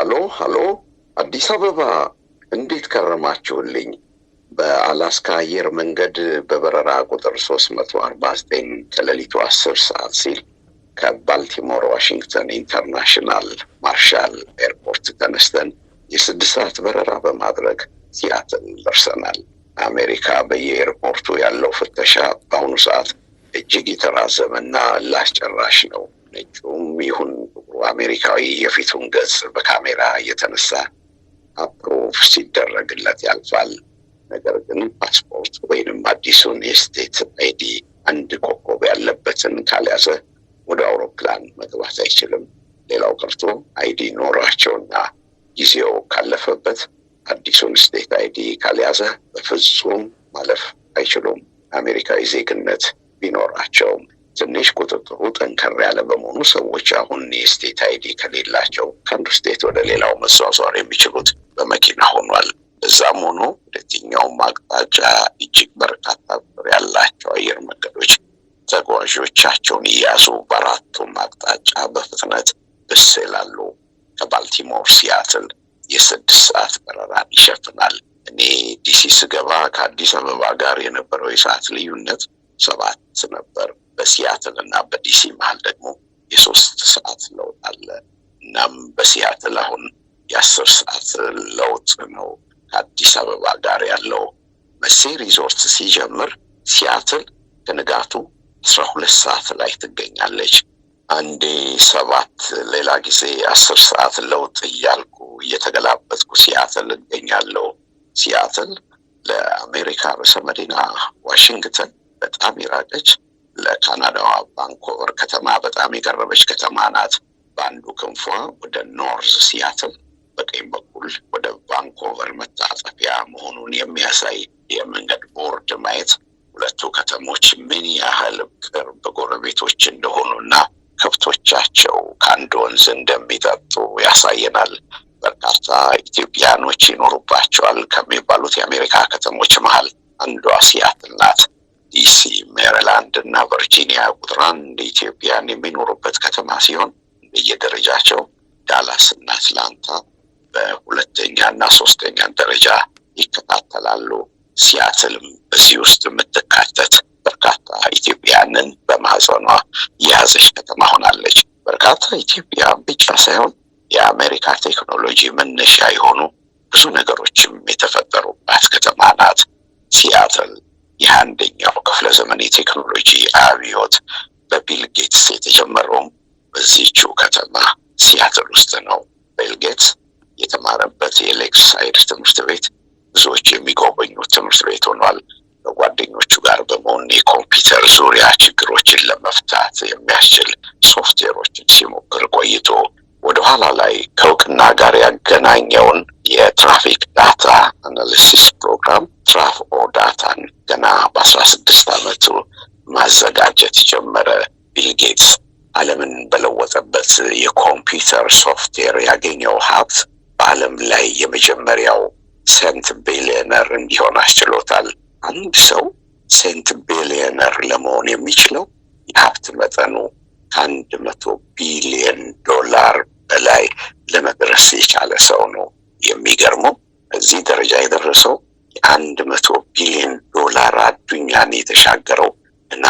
ሀሎ ሀሎ፣ አዲስ አበባ እንዴት ከረማችሁልኝ? በአላስካ አየር መንገድ በበረራ ቁጥር ሶስት መቶ አርባ ዘጠኝ ከሌሊቱ አስር ሰዓት ሲል ከባልቲሞር ዋሽንግተን ኢንተርናሽናል ማርሻል ኤርፖርት ተነስተን የስድስት ሰዓት በረራ በማድረግ ሲያትል ደርሰናል። አሜሪካ በየኤርፖርቱ ያለው ፍተሻ በአሁኑ ሰዓት እጅግ የተራዘመና ላስጨራሽ ነው። ነጩም ይሁን ጥቁሩ አሜሪካዊ የፊቱን ገጽ በካሜራ እየተነሳ አፕሮቭ ሲደረግለት ያልፋል። ነገር ግን ፓስፖርት ወይንም አዲሱን የስቴት አይዲ አንድ ኮከብ ያለበትን ካልያዘ ወደ አውሮፕላን መግባት አይችልም። ሌላው ቀርቶ አይዲ ኖሯቸውና ጊዜው ካለፈበት አዲሱን ስቴት አይዲ ካልያዘ በፍጹም ማለፍ አይችሉም፣ አሜሪካዊ ዜግነት ቢኖራቸውም። ትንሽ ቁጥጥሩ ጠንከር ያለ በመሆኑ ሰዎች አሁን የስቴት አይዲ ከሌላቸው ከአንዱ ስቴት ወደ ሌላው መዟዟር የሚችሉት በመኪና ሆኗል። እዛም ሆኖ ሁለተኛውም አቅጣጫ እጅግ በርካታ ቁጥር ያላቸው አየር መንገዶች ተጓዦቻቸውን እያዙ በአራቱም አቅጣጫ በፍጥነት ብስ ይላሉ። ከባልቲሞር ሲያትል የስድስት ሰዓት በረራን ይሸፍናል። እኔ ዲሲ ስገባ ከአዲስ አበባ ጋር የነበረው የሰዓት ልዩነት ሰባት ነበር። በሲያትል እና በዲሲ መሀል ደግሞ የሶስት ሰዓት ለውጥ አለ። እናም በሲያትል አሁን የአስር ሰዓት ለውጥ ነው ከአዲስ አበባ ጋር ያለው። መሴ ሪዞርት ሲጀምር ሲያትል ከንጋቱ አስራ ሁለት ሰዓት ላይ ትገኛለች። አንዴ ሰባት ሌላ ጊዜ አስር ሰዓት ለውጥ እያልኩ እየተገላበጥኩ ሲያትል እገኛለሁ። ሲያትል ለአሜሪካ ርዕሰ መዲና ዋሽንግተን በጣም ይራቀች ለካናዳዋ ቫንኮቨር ከተማ በጣም የቀረበች ከተማ ናት። በአንዱ ክንፏ ወደ ኖርዝ ሲያትል፣ በቀኝ በኩል ወደ ቫንኮቨር መታጠፊያ መሆኑን የሚያሳይ የመንገድ ቦርድ ማየት ሁለቱ ከተሞች ምን ያህል ቅርብ ጎረቤቶች እንደሆኑና ከብቶቻቸው ከአንድ ወንዝ እንደሚጠጡ ያሳየናል። በርካታ ኢትዮጵያኖች ይኖሩባቸዋል ከሚባሉት የአሜሪካ ከተሞች መሀል አንዷ ሲያትል ናት። ዲሲ፣ ሜሪላንድ እና ቨርጂኒያ ቁጥር አንድ ኢትዮጵያን የሚኖሩበት ከተማ ሲሆን በየደረጃቸው ዳላስ እና አትላንታ በሁለተኛ እና ሶስተኛ ደረጃ ይከታተላሉ። ሲያትልም በዚህ ውስጥ የምትካተት በርካታ ኢትዮጵያንን በማህፀኗ የያዘች ከተማ ሆናለች። በርካታ ኢትዮጵያ ብቻ ሳይሆን የአሜሪካ ቴክኖሎጂ መነሻ የሆኑ ብዙ ነገሮችም የተፈጠሩባት ከተማ ናት ሲያትል። የአንደኛው ክፍለ ዘመን የቴክኖሎጂ አብዮት በቢል ጌትስ የተጀመረውም በዚህችው ከተማ ሲያትል ውስጥ ነው። ቢል ጌትስ የተማረበት የሌክሳይድ ትምህርት ቤት ብዙዎች የሚጎበኙት ትምህርት ቤት ሆኗል። ከጓደኞቹ ጋር በመሆን የኮምፒውተር ዙሪያ ችግሮችን ለመፍታት የሚያስችል ሶፍትዌሮችን ሲሞክር ቆይቶ ወደ ኋላ ላይ ከእውቅና ጋር ያገናኘውን የትራፊክ ዳታ አናሊሲስ ፕሮግራም ትራፍ ኦ ዳታን ገና በአስራ ስድስት አመቱ ማዘጋጀት የጀመረ ቢል ጌትስ በለወጠበት የኮምፒውተር ሶፍትዌር ያገኘው ሀብት በአለም ላይ የመጀመሪያው ሴንት ቢሊዮነር እንዲሆን አስችሎታል። አንድ ሰው ሴንት ቢሊዮነር ለመሆን የሚችለው የሀብት መጠኑ ከአንድ መቶ ቢሊዮን ዶላር በላይ ለመድረስ የቻለ ሰው ነው። የሚገርመው እዚህ ደረጃ የደረሰው የአንድ መቶ ቢሊዮን ዶላር አዱኛን የተሻገረው እና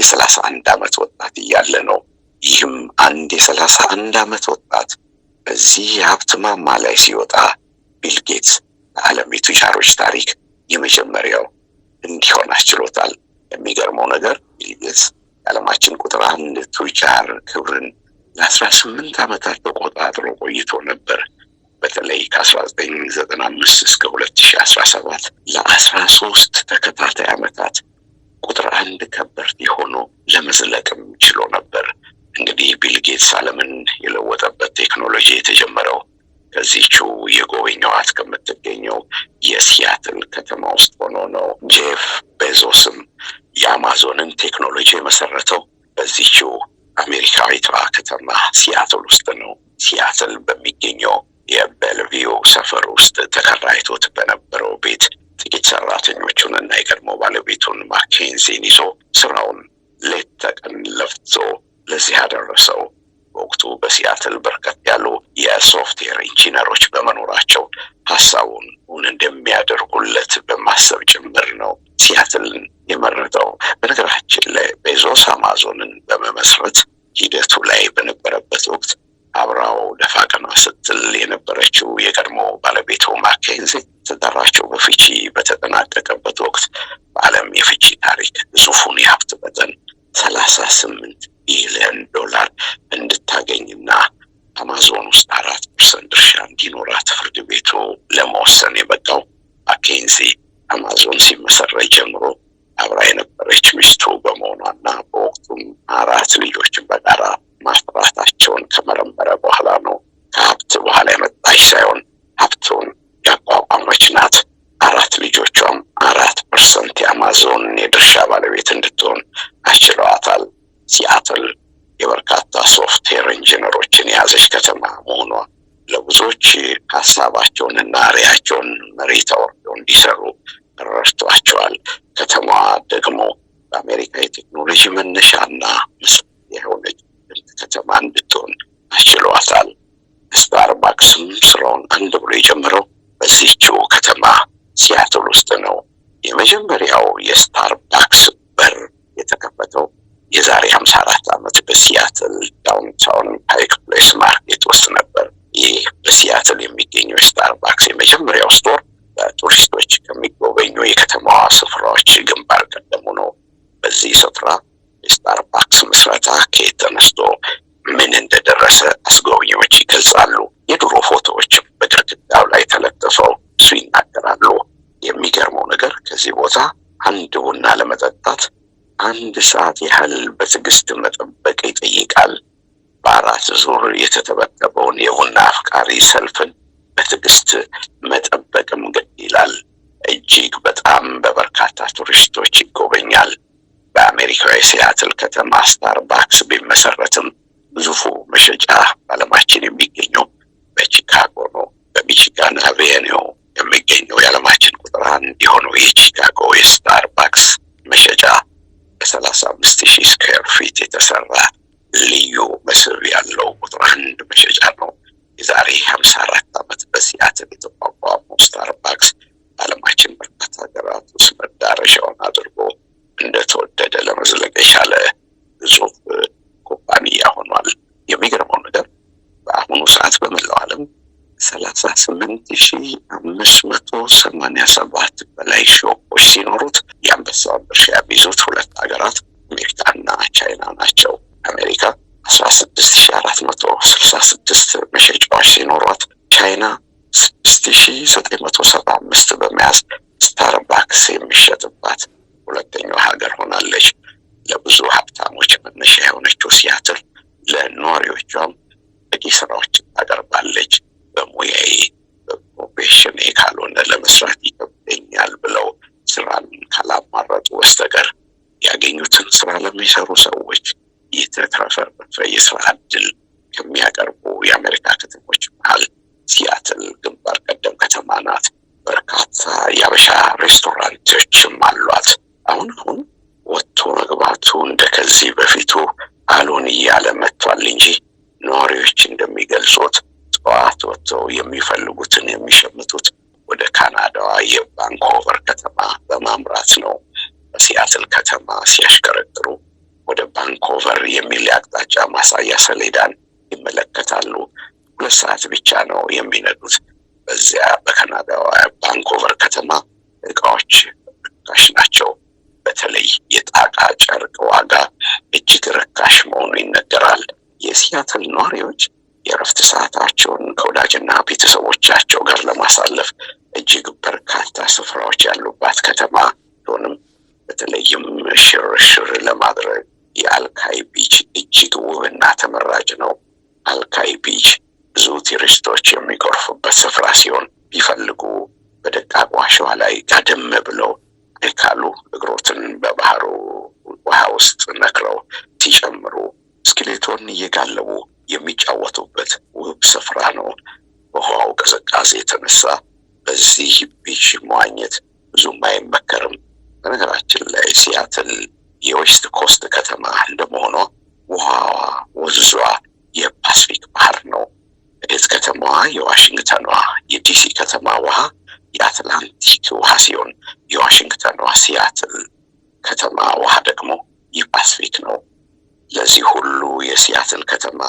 የሰላሳ አንድ አመት ወጣት እያለ ነው። ይህም አንድ የሰላሳ አንድ አመት ወጣት በዚህ የሀብት ማማ ላይ ሲወጣ ቢል ጌትስ ለዓለም የቱጃሮች ታሪክ የመጀመሪያው እንዲሆን አስችሎታል። የሚገርመው ነገር ቢል ጌትስ የዓለማችን ቁጥር አንድ ቱጃር ክብርን ለአስራ ስምንት ዓመታት ተቆጣጥሮ ቆይቶ ነበር። በተለይ ከአስራ ዘጠኝ ዘጠና አምስት እስከ ሁለት ሺ አስራ ሰባት ለአስራ ሶስት ተከታታይ ዓመታት ቁጥር አንድ ከበርቴ ሆኖ ለመዝለቅም ችሎ ነበር። እንግዲህ ቢል ጌትስ ዓለምን የለወጠበት ቴክኖሎጂ የተጀመረው ከዚችው የጎበኛዋት ከምትገኘው የሲያትል ከተማ ውስጥ ሆኖ ነው። ጄፍ ቤዞስም የአማዞንን ቴክኖሎጂ የመሰረተው በዚችው አሜሪካዊቷ ከተማ ሲያትል ውስጥ ነው። ሲያትል በሚገኘው የቤልቪው ሰፈር ውስጥ ተከራይቶት በነበረው ቤት ጥቂት ሰራተኞቹን እና የቀድሞ ባለቤቱን ማኬንዚን ይዞ ስራውን ሌት ተቀን ለፍቶ ለዚህ ያደረሰው በወቅቱ በሲያትል በርከት ያሉ የሶፍትዌር ኢንጂነሮች በመኖራቸው ሀሳቡን እውን እንደሚያደርጉለት በማሰብ ጭምር ነው ሲያትልን የመረጠው። በነገራችን ላይ ቤዞስ አማዞንን በመመስረት ሂደቱ ላይ በነበረበት ወቅት አብራው ደፋ ቀና ስትል የነበረችው የቀድሞ ባለቤቱ ማኬንዚ ትዳራቸው በፍቺ በተጠናቀቀበት ወቅት በዓለም የፍቺ ታሪክ ግዙፉን የሀብት መጠን ሰላሳ ስምንት ቢሊዮን ዶላር እንድታገኝና አማዞን ውስጥ አራት ፐርሰንት ድርሻ እንዲኖራት ፍርድ ቤቱ ለመወሰን የበቃው ማኬንዚ አማዞን ሲመሰረት ጀምሮ አብራ የነበረች ሚስቱ በመሆኗና በወቅቱም አራት ልጆችን በጋራ ማፍራታቸውን ከመረመረ በኋላ ነው። ከሀብት በኋላ የመጣች ሳይሆን ሀብቱን ያቋቋመች ናት። አራት ልጆቿም አራት ፐርሰንት የአማዞን የድርሻ ባለቤት እንድትሆን አችለዋታል። ሶፍትዌር ኢንጂነሮችን የያዘች ከተማ መሆኗ ለብዙዎች ሀሳባቸውንና ራዕያቸውን መሬት አውርደው እንዲሰሩ ረድቷቸዋል። ከተማዋ ደግሞ በአሜሪካ የቴክኖሎጂ መነሻና የሆነች ድንቅ ከተማ እንድትሆን አስችሏታል። ስታርባክስም ስራውን አንድ ብሎ የጀመረው በዚህችው ከተማ ሲያትል ውስጥ ነው። የመጀመሪያው የስታርባክስ በር የተከፈተው የዛሬ ሀምሳ አራት ዓመት በሲያትል ዳውንታውን ፓይክ ፕሌስ ማርኬት ውስጥ ነበር። ይህ በሲያትል የሚገኘው ስታርባክስ የመጀመሪያው ስቶር በቱሪስቶች ከሚጎበኙ የከተማዋ ስፍራዎች ግንባር ቀደሙ ነው። በዚህ ስፍራ የስታርባክስ ምስረታ ከየት ተነስቶ ምን እንደደረሰ አስጎብኚዎች ይገልጻሉ። የድሮ አንድ ሰዓት ያህል በትዕግስት መጠበቅ ይጠይቃል። በአራት ዙር የተተበተበውን የቡና አፍቃሪ ሰልፍን በትዕግስት መጠበቅም ግድ ይላል። እጅግ በጣም በበርካታ ቱሪስቶች ይጎበኛል። በአሜሪካ የሲያትል ከተማ ስታርባክስ ቢመሰረትም ግዙፉ መሸጫ በዓለማችን የሚገኘው በቺካጎ ነው። በሚቺጋን አቬኒው የሚገኘው የዓለማችን ቁጥር አንድ የሆነው የቺካጎ የስታር ከሰላሳ አምስት ሺ ስኩዌር ፊት የተሰራ ልዩ መስህብ ያለው ቁጥር አንድ መሸጫ ነው። የዛሬ ሀምሳ አራት ዓመት በሲያትል የተቋቋመው ስታርባክስ አለማችን በርካታ ሀገራት ውስጥ መዳረሻውን አድርጎ እንደተወደደ ለመዝለቅ የቻለ ግዙፍ ኩባንያ ሆኗል። የሚገርመው ነገር በአሁኑ ሰዓት በመላው ዓለም ሰላሳ ስምንት ሺ አምስት መቶ ሰማኒያ ሰባት አምስት ሺ ዘጠኝ መቶ ሰባ አምስት በመያዝ ስታርባክስ የሚሸጥባት ሁለተኛው ሀገር ሆናለች። ለብዙ ሀብታሞች መነሻ የሆነችው ሲያትል ለኗሪዎቿም በቂ ስራዎችን ታቀርባለች። በሙያዬ በፕሮፌሽኔ ካልሆነ ለመስራት ይከብደኛል ብለው ስራን ካላማረጡ በስተቀር ያገኙትን ስራ ለሚሰሩ ሰዎች የተትረፈረፈ የስራ እድል ከሚያቀርቡ የአሜሪካ ከተሞች መሀል ሲያትል ግንባር ቀደም ከተማ ናት። በርካታ የአበሻ ሬስቶራንቶችም አሏት። አሁን አሁን ወጥቶ መግባቱ እንደ ከዚህ በፊቱ አሉን እያለ መጥቷል እንጂ ነዋሪዎች እንደሚገልጹት ጠዋት ወጥተው የሚፈልጉትን የሚሸምቱት ወደ ካናዳዋ የቫንኮቨር ከተማ በማምራት ነው። በሲያትል ከተማ ሲያሽከረክሩ ወደ ቫንኮቨር የሚል የአቅጣጫ ማሳያ ሰሌዳን ይመለከታሉ። ሁለት ሰዓት ብቻ ነው የሚነዱት። በዚያ በካናዳዋ ቫንኮቨር ከተማ እቃዎች ርካሽ ናቸው። በተለይ የጣቃ ጨርቅ ዋጋ እጅግ ርካሽ መሆኑ ይነገራል። የሲያትል ነዋሪዎች የእረፍት ሰዓታቸውን ከወዳጅና ቤተሰቦቻቸው ጋር ለማሳለፍ እጅግ በርካታ ስፍራዎች ያሉባት ከተማ ሆንም በተለይም ሽርሽር ለማድረግ የአልካይ ቢች እጅግ ውብና ተመራጭ ነው። አልካይ ቢች ብዙ ቱሪስቶች የሚጎርፉበት ስፍራ ሲሆን ቢፈልጉ በደቃቁ አሸዋ ላይ ቀደም ብለው ካሉ እግሮትን በባህሩ ውሃ ውስጥ ነክረው ሲጨምሩ ብስክሌቶን እየጋለቡ የሚጫወቱበት ውብ ስፍራ ነው። በውሃው ቅዝቃዜ የተነሳ በዚህ ቢች መዋኘት ብዙም አይመከርም። በነገራችን ላይ ሲያትል የዌስት ኮስት ከተማ እንደመሆኗ ውሃዋ ወዝዟ የፓስፊክ ባህር ነው። እህት ከተማዋ የዋሽንግተኗ የዲሲ ከተማ ውሃ የአትላንቲክ ውሃ ሲሆን የዋሽንግተኗ ሲያትል ከተማ ውሃ ደግሞ የፓስፊክ ነው። ለዚህ ሁሉ የሲያትል ከተማ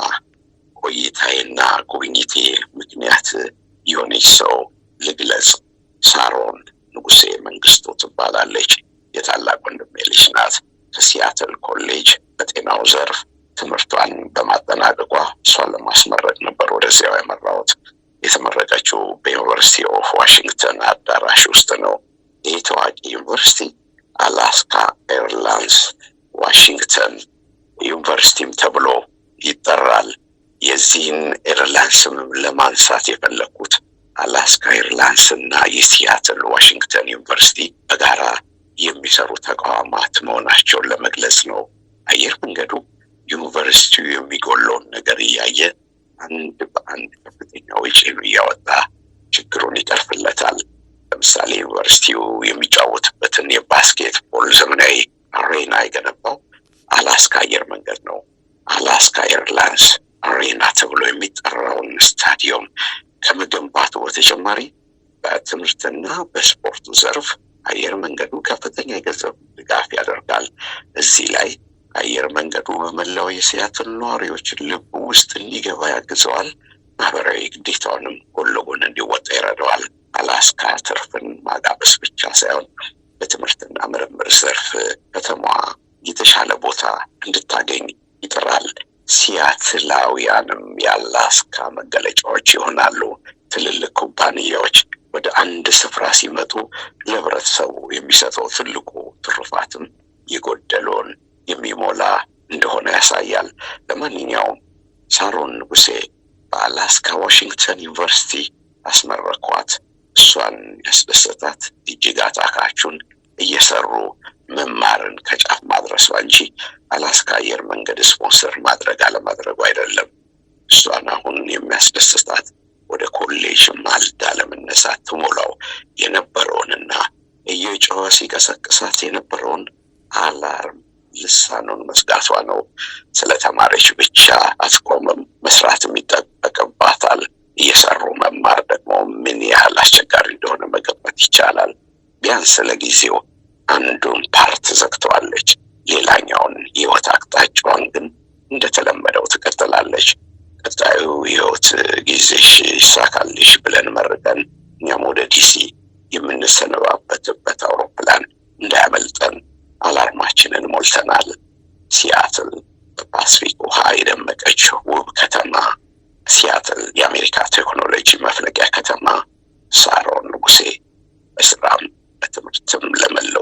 ቆይታዬና ጉብኝቴ ምክንያት የሆነች ሰው ልግለጽ። ሳሮን ንጉሴ መንግስቱ ትባላለች። የታላቅ ወንድሜ ልጅ ናት። ከሲያትል ኮሌጅ በጤናው ዘርፍ ትምህርቷን በማጠናቀቋ እሷን ለማስመረቅ ነበር ወደዚያው ያመራሁት። የተመረቀችው በዩኒቨርሲቲ ኦፍ ዋሽንግተን አዳራሽ ውስጥ ነው። ይህ ታዋቂ ዩኒቨርሲቲ አላስካ ኤርላይንስ ዋሽንግተን ዩኒቨርሲቲም ተብሎ ይጠራል። የዚህን ኤርላይንስ ለማንሳት የፈለግኩት አላስካ ኤርላይንስ እና የሲያትል ዋሽንግተን ዩኒቨርሲቲ በጋራ የሚሰሩ ተቋማት መሆናቸውን ለመግለጽ ነው። አየር መንገዱ ዩኒቨርሲቲው የሚጎለውን ነገር እያየ አንድ በአንድ ከፍተኛ ወጪን እያወጣ ችግሩን ይቀርፍለታል። ለምሳሌ ዩኒቨርሲቲው የሚጫወትበትን የባስኬትቦል ዘመናዊ አሬና የገነባው አላስካ አየር መንገድ ነው። አላስካ ኤርላይንስ አሬና ተብሎ የሚጠራውን ስታዲየም ከመገንባቱ በተጨማሪ በትምህርትና በስፖርቱ ዘርፍ አየር መንገዱ ከፍተኛ የገንዘብ ድጋፍ ያደርጋል። እዚህ ላይ አየር መንገዱ በመላው የሲያትል ነዋሪዎች ልብ ውስጥ እንዲገባ ያግዘዋል። ማህበራዊ ግዴታውንም ጎን ለጎን እንዲወጣ ይረዳዋል። አላስካ ትርፍን ማጋበስ ብቻ ሳይሆን በትምህርትና ምርምር ዘርፍ ከተማዋ የተሻለ ቦታ እንድታገኝ ይጥራል። ሲያትላውያንም የአላስካ መገለጫዎች ይሆናሉ። ትልልቅ ኩባንያዎች ወደ አንድ ስፍራ ሲመጡ ለህብረተሰቡ የሚሰጠው ትልቁ ትሩፋትም የጎደለውን የሚሞላ እንደሆነ ያሳያል። ለማንኛውም ሳሮን ንጉሴ በአላስካ ዋሽንግተን ዩኒቨርሲቲ አስመረኳት። እሷን ያስደሰታት እጅግ አታካቹን እየሰሩ መማርን ከጫፍ ማድረሷ እንጂ አላስካ አየር መንገድ ስፖንሰር ማድረግ አለማድረጉ አይደለም። እሷን አሁን የሚያስደስታት ወደ ኮሌጅ ማልዳ ለመነሳት ትሞላው የነበረውንና እየጨዋ ሲቀሰቅሳት የነበረውን አላርም ልሳኑን መዝጋቷ ነው። ስለተማረች ብቻ አትቆምም፣ መስራትም ይጠበቅባታል። እየሰሩ መማር ደግሞ ምን ያህል አስቸጋሪ እንደሆነ መገመት ይቻላል። ቢያንስ ለጊዜው አንዱን ፓርት ዘግተዋለች። ሌላኛውን የህይወት አቅጣጫዋን ግን እንደተለመደው ትቀጥላለች። ቀጣዩ የህይወት ጊዜሽ ይሳካልሽ ብለን መርቀን እኛም ወደ ዲሲ የምንሰነባበትበት አውሮፕላን እንዳያመልጠን አላማችንን ሞልተናል። ሲያትል በፓስፊክ ውሃ የደመቀች ውብ ከተማ ሲያትል የአሜሪካ ቴክኖሎጂ መፍለቂያ ከተማ ሳሮን ንጉሴ በስራም በትምህርትም ለመለ